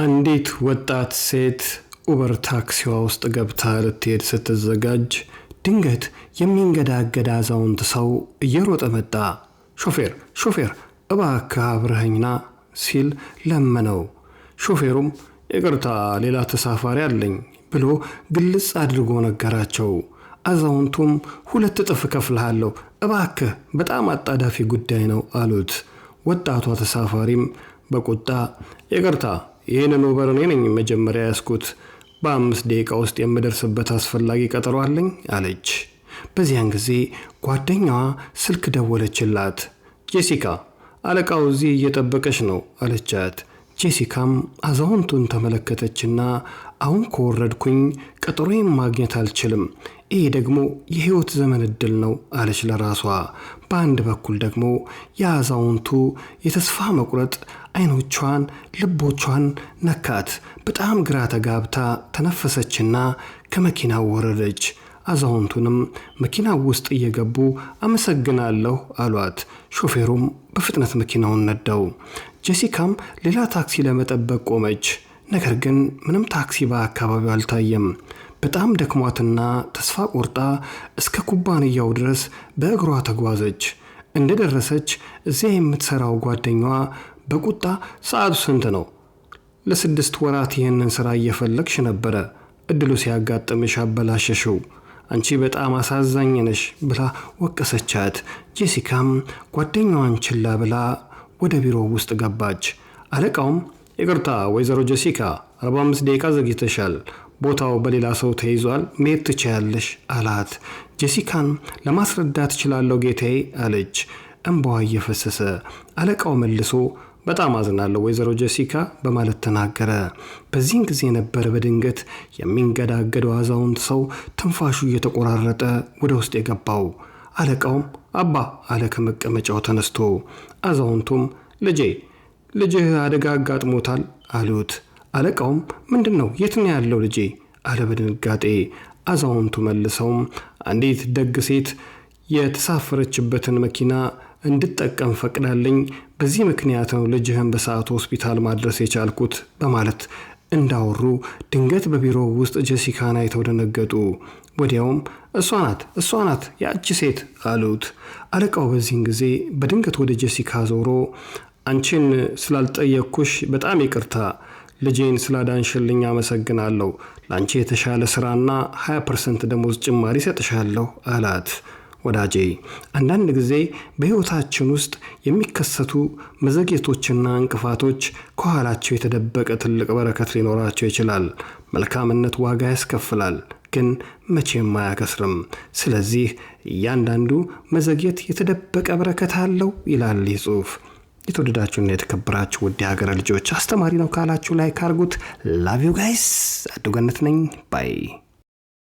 አንዲት ወጣት ሴት ኡበር ታክሲዋ ውስጥ ገብታ ልትሄድ ስትዘጋጅ ድንገት የሚንገዳገድ አዛውንት ሰው እየሮጠ መጣ። ሾፌር ሾፌር እባክህ አብረኸኝና ሲል ለመነው። ሾፌሩም ይቅርታ ሌላ ተሳፋሪ አለኝ ብሎ ግልጽ አድርጎ ነገራቸው። አዛውንቱም ሁለት እጥፍ እከፍልሃለሁ፣ እባክህ በጣም አጣዳፊ ጉዳይ ነው አሉት። ወጣቷ ተሳፋሪም በቁጣ ይቅርታ ይህንን ኡበር እኔ ነኝ መጀመሪያ ያስኩት። በአምስት ደቂቃ ውስጥ የምደርስበት አስፈላጊ ቀጠሮ አለኝ አለች። በዚያን ጊዜ ጓደኛዋ ስልክ ደወለችላት። ጄሲካ አለቃው እዚህ እየጠበቀች ነው አለቻት። ጄሲካም አዛውንቱን ተመለከተችና አሁን ከወረድኩኝ ቀጠሮዬን ማግኘት አልችልም፣ ይሄ ደግሞ የህይወት ዘመን እድል ነው አለች ለራሷ። በአንድ በኩል ደግሞ የአዛውንቱ የተስፋ መቁረጥ አይኖቿን፣ ልቦቿን ነካት። በጣም ግራ ተጋብታ ተነፈሰችና ከመኪናው ወረደች። አዛውንቱንም መኪናው ውስጥ እየገቡ አመሰግናለሁ አሏት። ሾፌሩም በፍጥነት መኪናውን ነዳው። ጄሲካም ሌላ ታክሲ ለመጠበቅ ቆመች። ነገር ግን ምንም ታክሲ በአካባቢው አልታየም። በጣም ደክሟትና ተስፋ ቆርጣ እስከ ኩባንያው ድረስ በእግሯ ተጓዘች። እንደደረሰች እዚያ የምትሰራው ጓደኛዋ በቁጣ ሰዓቱ ስንት ነው? ለስድስት ወራት ይህንን ሥራ እየፈለግሽ ነበረ። እድሉ ሲያጋጥምሽ አበላሸሽው። አንቺ በጣም አሳዛኝ ነሽ ብላ ወቀሰቻት። ጄሲካም ጓደኛዋን ችላ ብላ ወደ ቢሮ ውስጥ ገባች። አለቃውም ይቅርታ ወይዘሮ ጀሲካ 45 ደቂቃ ዘግይተሻል፣ ቦታው በሌላ ሰው ተይዟል፣ መሄድ ትችያለሽ አላት። ጀሲካን ለማስረዳት እችላለሁ ጌታዬ አለች፣ እንባዋ እየፈሰሰ። አለቃው መልሶ በጣም አዝናለሁ ወይዘሮ ጀሲካ በማለት ተናገረ። በዚህን ጊዜ ነበር በድንገት የሚንገዳገደው አዛውንት ሰው ትንፋሹ እየተቆራረጠ ወደ ውስጥ የገባው። አለቃውም አባ አለ ከመቀመጫው ተነስቶ። አዛውንቱም ልጄ ልጅህ አደጋ አጋጥሞታል አሉት። አለቃውም ምንድን ነው? የት ነው ያለው ልጄ አለ በድንጋጤ። አዛውንቱ መልሰውም አንዲት ደግ ሴት የተሳፈረችበትን መኪና እንድጠቀም ፈቅዳለኝ። በዚህ ምክንያት ነው ልጅህን በሰዓቱ ሆስፒታል ማድረስ የቻልኩት በማለት እንዳወሩ ድንገት በቢሮ ውስጥ ጀሲካን አይተው ደነገጡ። ወዲያውም እሷ ናት እሷ ናት ያቺ ሴት አሉት። አለቃው በዚህን ጊዜ በድንገት ወደ ጀሲካ ዞሮ አንቺን ስላልጠየቅኩሽ በጣም ይቅርታ፣ ልጄን ስላዳንሽልኝ አመሰግናለሁ። ለአንቺ የተሻለ ስራና 20 ፐርሰንት ደሞዝ ጭማሪ ሰጥሻለሁ አላት። ወዳጄ አንዳንድ ጊዜ በሕይወታችን ውስጥ የሚከሰቱ መዘግየቶችና እንቅፋቶች ከኋላቸው የተደበቀ ትልቅ በረከት ሊኖራቸው ይችላል። መልካምነት ዋጋ ያስከፍላል፣ ግን መቼም አያከስርም። ስለዚህ እያንዳንዱ መዘግየት የተደበቀ በረከት አለው ይላል ይህ ጽሑፍ። የተወደዳችሁና የተከበራችሁ ውድ የሀገረ ልጆች አስተማሪ ነው ካላችሁ ላይክ አድርጉት። ላቭ ዩ ጋይስ አዱገነት ነኝ ባይ